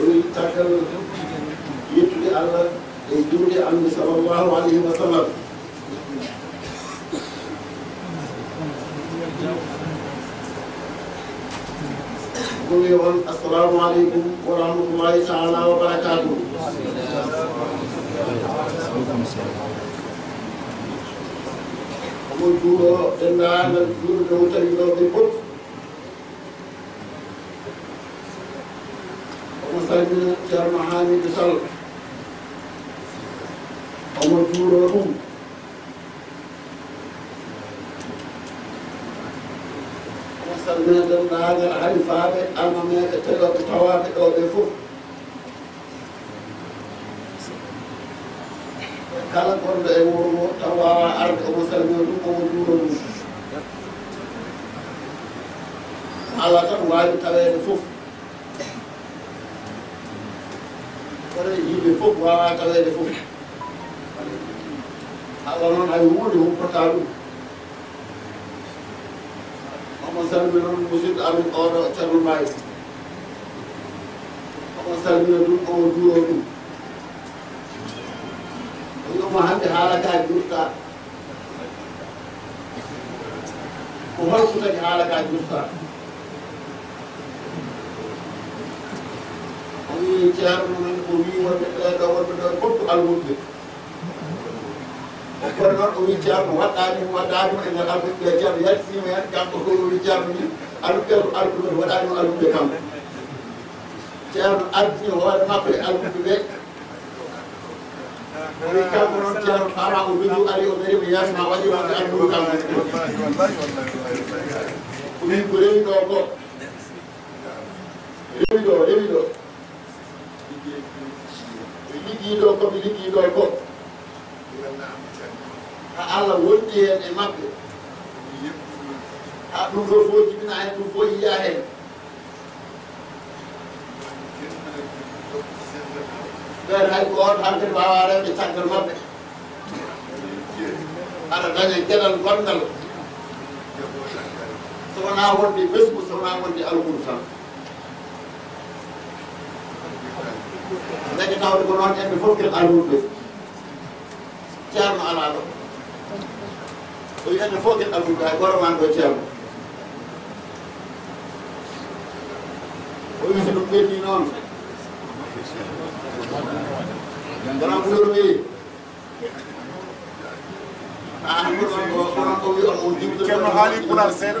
omin caggal yettude allah e juuɗe annabi sallllahu alayhi wa sallam ɗumi on assalamu aleykum wa rahmatullahi taala wa barakatuh omon juuɗo denndaangal juuɗo ɗo tawi ɗo ɓe fof musidɗo ceerno hamidou sall omo juuro ɗum omo salmine denndaangal halifaɓe amameɓe tegoɓe tawaɓe ɗo ɓe fof kala gonɗo e wuro ngo taw wawa arde omo salmine ɗum omo juuro ɗum ala tan wawi taweede fof كذا يجيب فوق ولا كذا يجيب فوق هذا لون أيوه هو بتعلو مثلا من المسجد أرون أو ترون ماي مثلا من دون أو دون أو دون ويوم عندي حالة كاي جوتا وهل كنت حالة كاي جوتا ceerananko wi wonɓeɗeɗo wonɓeɗo foftu almuɓɓe kono noon o wi ceerno waɗɗani waɗɗani ene alɓuɓɓe ceerno yaltitima hen kanko kowi ceerno ni alɓuɓɓeko alɓuɓe waɗanio alɓuɓɓe kanko ceerno ardi hoore makko e alɓuɓɓe ɓe owi kanko noon ceerno fama o wiju ari o darima yasma waɗimae alɓuɓe kanko owi ko rewiɗo ko rewiɗo rewiɗo liggiiɗo koɓe liggiiɗo e goɗɗo ha allah wondi heen e maɓɓe ha ɗum ɗo fof jibina hen ɗum fof yiya heen ɓen hay ko on hande mbawa remde caggal maɓɓe aɗa daña gueɗal gongal so wona wonde ɓesgu so wona wonde alkuru tan dañu taw ko noon en ɓe fof kel aluɓe ceerno alaa ɗo o wi enen fof kel aluɓe hay goto man ɗo ceerno o wi so ɗum ɓenni noon grand buur wi a hankoɗon ko onon o wi on o jibɗo ceerno haali pular seeɗa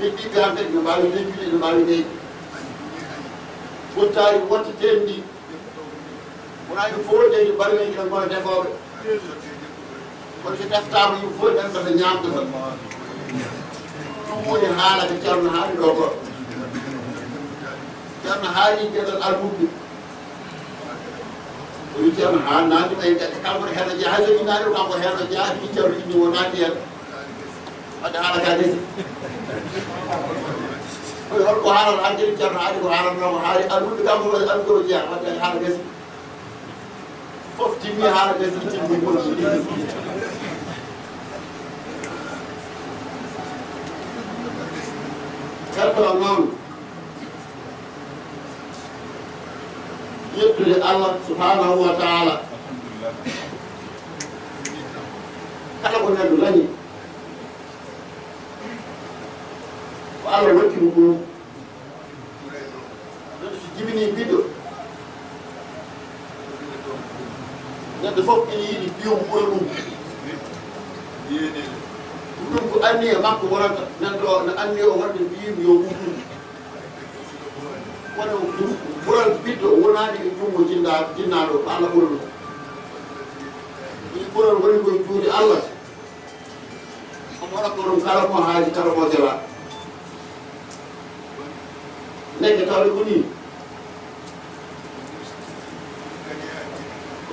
heddiɓe hamɓe ne mbawi leggide ne mbawi leydi pottari wotta ten ndi wonaɓe fooleyde balleji tan gona defoɓe kono so deftama yim foo ɗen ɓata ñamde tan ɗum woni haala ko ceerno haali ɗo goɗ ceerno haali gueɗal albuɓɓe woni ceerno ha nande ɓay gaɗe kankoto heno jeeha so ɗinnaɗi kankoto heno jeeha ɗi ceerno ɗinni wonandi hen hade haala kadi oy holko haalata hade jeɗi ceerno haali ko haalatnoko haali anwulde kamko wa andu koo jeeya wadde ade haala gasi fof timmi e haala gasi timmi kono kalkola noon yettude allah subhanahu wa taala kala ko neɗɗo lañi Allah wetin go jibini biɗo neɗɗo fof ene yiɗi biyomo ɓura ɗum ɗum ɗum ko anni e makko wonata nanɗo no anni o wonde mbiyimi yo ɓuɗum wona ɓural biɗɗo wonani e junngo jinda jinnaɗo ko allah ɓura ɗum ɓural woni koye juuɗe allah omo waɗa ko ɗum kala mo haaji kala mo jela لكن تعرفوني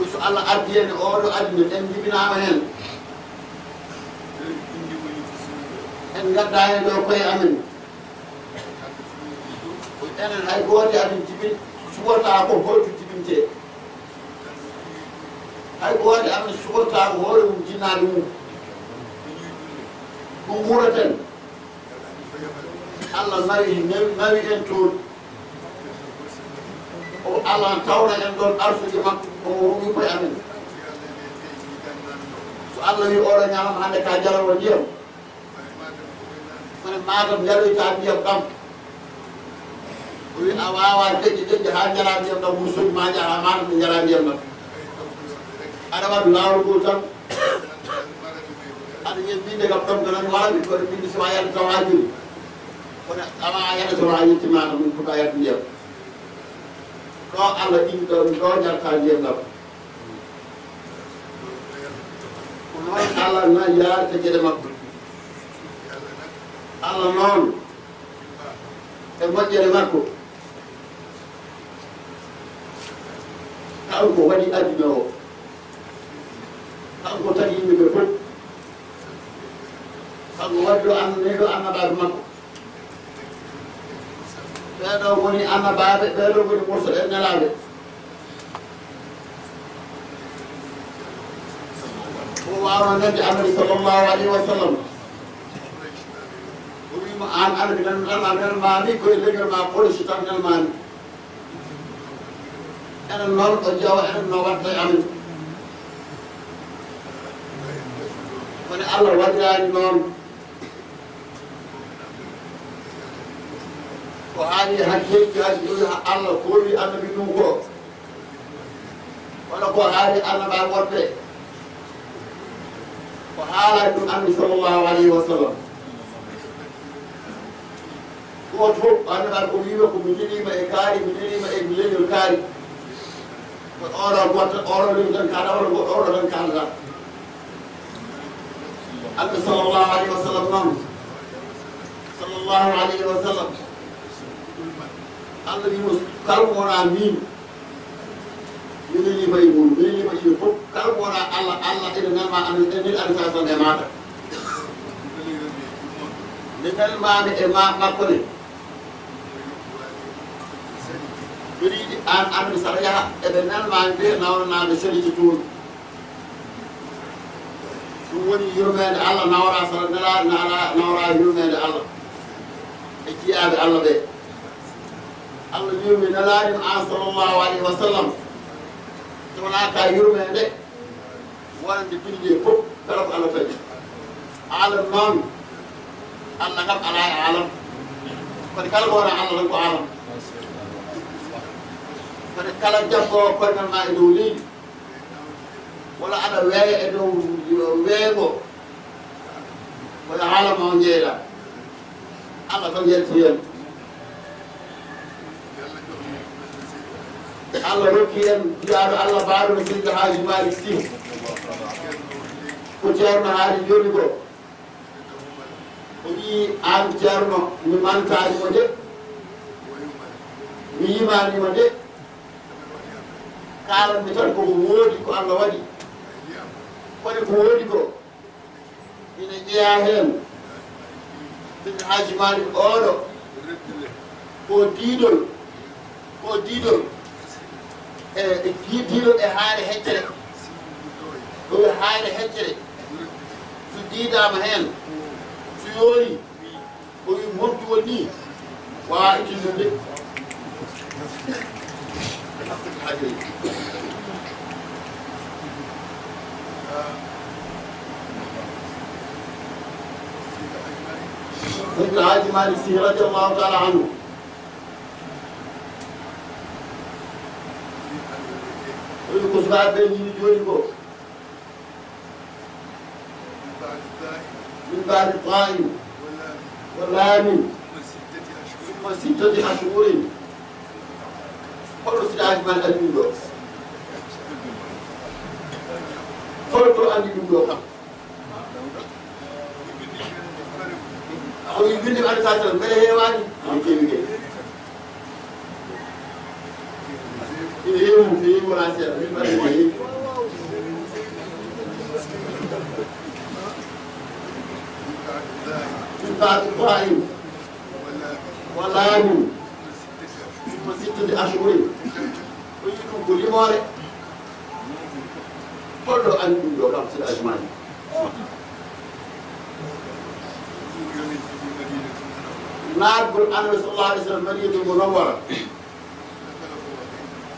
so allah addi en oɗo aduna en jibinama hen en gadda hen ɗo koye amen enen hay gote amin jibin sugota ko hoytu jibinte hay gote amin sugota ko hoore mum jinnaɗe mum ɗum wuraten allah nari nari en toon o allah n tawra en ɗon arfude makko o rumikoye amen so allah wi oɗo ñaama hande ka jalawo ndiyam mane maadam jaloyta ndiyam ɗam o wi a wawa deƴƴi deƴƴi ha jala ndiyam ɗam wursuji ma jaha maadam ɓe jala ndiyam ɗam aɗa waɗu lawol ngol tan aɗa yen binde kam ɗom gonani waawi koɗe binde sowa yalde tawa jiri kona ama ayat zura yi ci maam ko ko ayat yeb ko ala in ko ko jar ka yeb la ko no non e mo jere mak ko taw ko wadi adi no taw ko tan yimbe ko taw ko wadi an ɓeɗo woni annabaɓe ɓeɗo woni mursal en nelaɓe o wawno nande annabi sallllahu alayhi wa sallam o wimo an arabi nan tan a nelmani koye leñol ma polici tan nelmani enen noon o ƴewa enen no watta e amen woni allah waɗirani noon qur'ani han jeggaji ɗon ha allah koori annabi ɗum ko wona ko haali annaba wonɓe ko haalani ɗum annabi sallllahu alayhi wa sallam goto fof annabaɗa ko wiima ko mi jiɗima e kaari mi jiɗima e leñol kaari ko oɗon gotta oɗon leñol tan kaala wona goɗɗo oɗo tan kaalata annabi sallllahu alayhi wa sallam noon sallllahu alayhi wa sallam Allah yimos kala mo wona min miniliima e mum miniliima yimɓe fof kala mo wona allah allah ene nanma enen arifasande e maɗa mi nelmami e ma makko ne mbiɗa yiɗi an arde saɗa yaha eɓe nelmami de nawnanami seliji toon ɗum woni yurmede allah nawra saɗa nela nawra nawra yurmede allah e jiyaɓe allah ɓe allah wiimi nalaani an sallllahu alayhi wa sallam sowonaa ka yurmee nde wonande bindee fof kala ko allah tagi alam noon allah kam alaa e alam kono kala ko wona allah tan ko alam kono kala jaggoo koynan ma e dow leydi wala aɗa weeya e dow weego wona haalama o jeeyɗa allah tan yalti heen allah rokki en jiyaaɗo allah mbaɗono sirde haaji e maari sim ko ceerno haali joni ko o wii an ceerno mi mantanimo de mi yimanimo de kalanmi tan koko woodi ko allah waɗi kodi ko woodi ko ine ƴeya heen sirde haaji maari oɗo ko diidol ko diidol e ɓe gidiɗo e haare heccere ɗoɓe haare heccere so diidama hen so yoori o wi montu won ni wawa ittinnude سيدنا حاج مالك سي رضي الله تعالى عنه بعد من جوجو من بعد الطائم والآمن وستة أشهر كل سلاح من أمين قلت أمين دوك أو يقول لي أنا ساتر ما هي واني يوم في مناسبة من بلده ستة أسبوع ولا يوم ثم ستة أشهر ويجدوا كل مرة كل أنتم يوم في الأجمعين نعرف أن رسول الله صلى الله عليه وسلم مدينة المنورة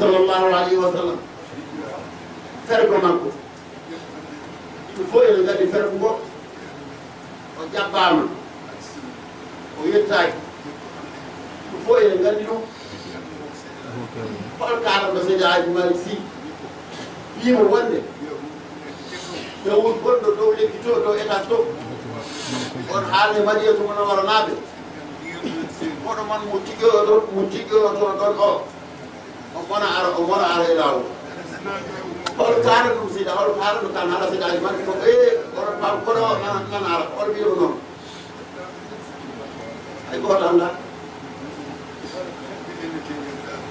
sallallahu alayhi wa sallam fergo makko ɗum fof ene gandi fergo ngo o jabbama o yettaki ɗum fof ene gandi ɗum hol kalanɗo seydi haji malik sy wima wonde yawud gonɗo dow lekki to dow état to on haalde madiyatu munawara naaɓe hoɗo man mo tigoyo ɗon mo tigoyo toon ɗon o on mona ara o mona ara e laawol hol kaane ɗum siida hol haala ɗo kan haala sidaaji maɓɓe ko e oɗon pam koɗo nan ara oɗo wiiro noon hay gooto annda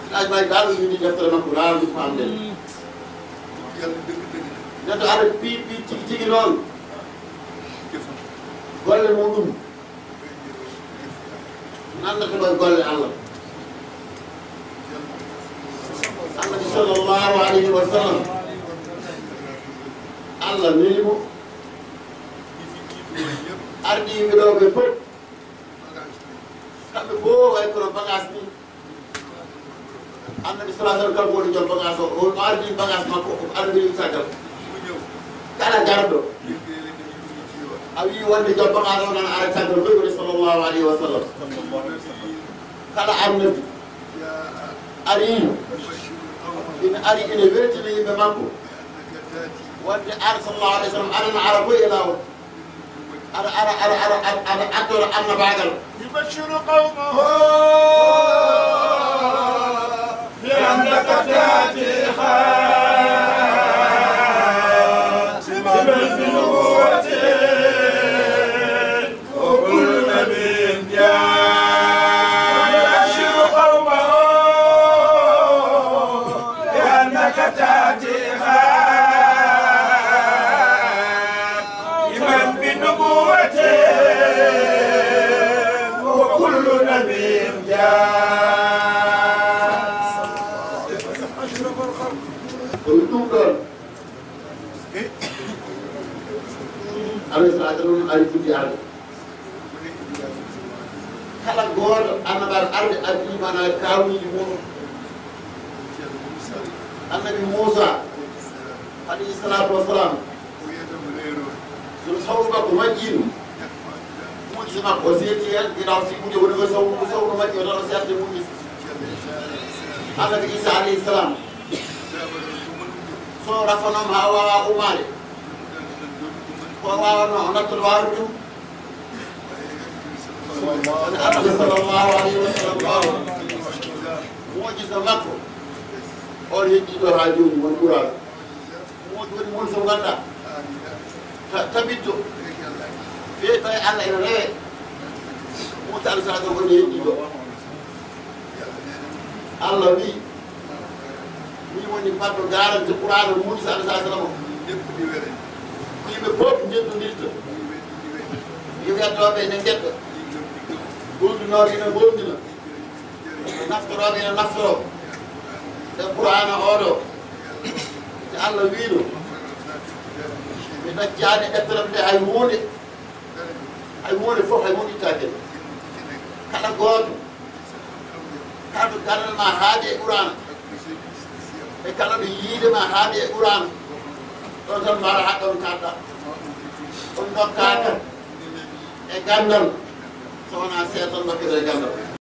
sidaaji maji daal windi deftere makko laawi ko annde neɗɗo ara pi pi tigi tigi noon golle muɗum nannata koye golle allah sallallahu alayhi wa sallam allah nuyimo ardiyimɓe ɗoɓe fof kamɓe fof way kono bagage ni annabi sala sallm kam woni jom bagage o o ardi bagage makko o ardiisagal kala garɗo a wi wonde jom bagage o nan ara caggal foy woni sallallahu alayhi wa sallam kala arnabi ari ina ari ene weltini yimɓe makko wadde ara sallallahu alayhi wa sallam arana ara fof e lawol aɗa ara ara ara aɗa addora annabagal yubashiru qawmahu bi annaka taati Kalau yalla kala gor anabar arde ak imana kawni di mo annabi musa alayhi salatu wassalam sunu sawu ba ko majin mo ci ma ko seeti yal di raw ci mudi wono so ko so ko majin do seeti mo ni annabi isa alayhi salam so rafanam hawa umare والله انا هناك الوارد صلى الله عليه وسلم موجز لكم اور یہ جی تو راجو من پورا مو دور من سو گندا تبی تو فی تو اللہ ان لے مو تعال سادو کو نی جی تو اللہ بھی نی ونی پاتو گارن تو قران مو تعال سادو کو دپ دی ویرے yimɓe fof jettondirta yimeddoɓe ne gedda gondunoɓe ine gondina naftoroɓe ine naftoro te qur'ana oɗo te allah wiino mi naccani ettaram nde hay hunde hay hunde fof hay hunde ittakel kala gooto kaɗo gandanma haade e qur'ana e kala ɗo yiidema haade e qur'ana ɗon tan mbaɗata ɗon kalɗa ɗum dokkaka e gandal so wona seeɗon bakkire e gandal